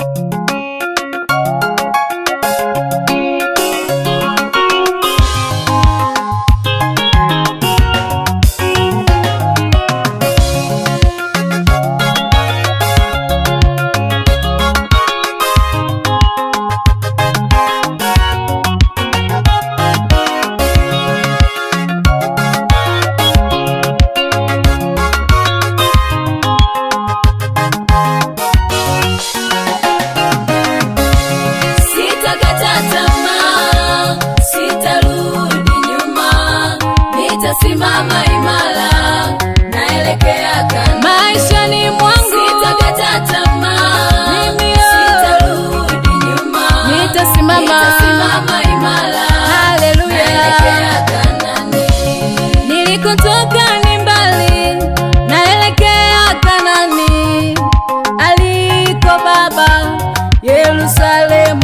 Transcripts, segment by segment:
you Nitasimama imara, naelekea kana. Maisha ni mwangu, sitakata tamaa, oh. sitarudi nyuma, nitasimama, ni mbali, naelekea aliko Baba Yerusalemu.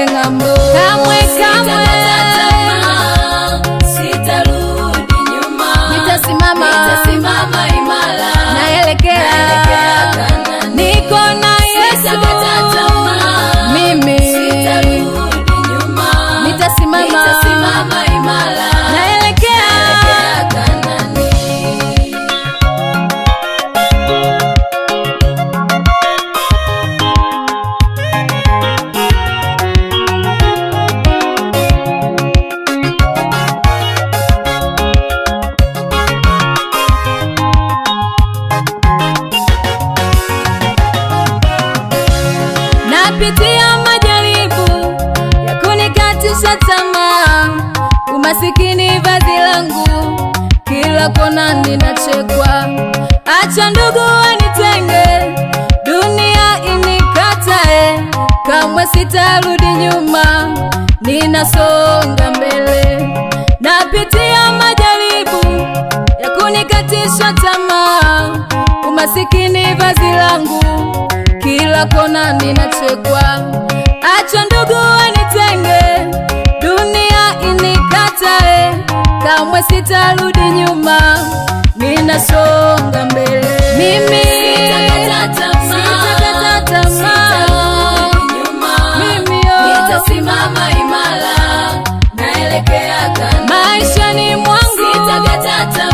Ngambo kamwe kamwe kupitia majaribu ya kunikatisha tamaa, umasikini vazi langu, kila kona ninachekwa. Acha ndugu wanitenge, dunia inikatae, kamwe sitarudi nyuma, ninasonga mbele. Napitia majaribu ya kunikatisha tamaa, umasikini vazi langu zako na ninachekwa. Acha ndugu wanitenge, dunia inikatae, kamwe sitarudi nyuma, ninasonga mbele mimi Maisha ni mimi oh. nitasimama imara, naelekea mwangu sitakata tamaa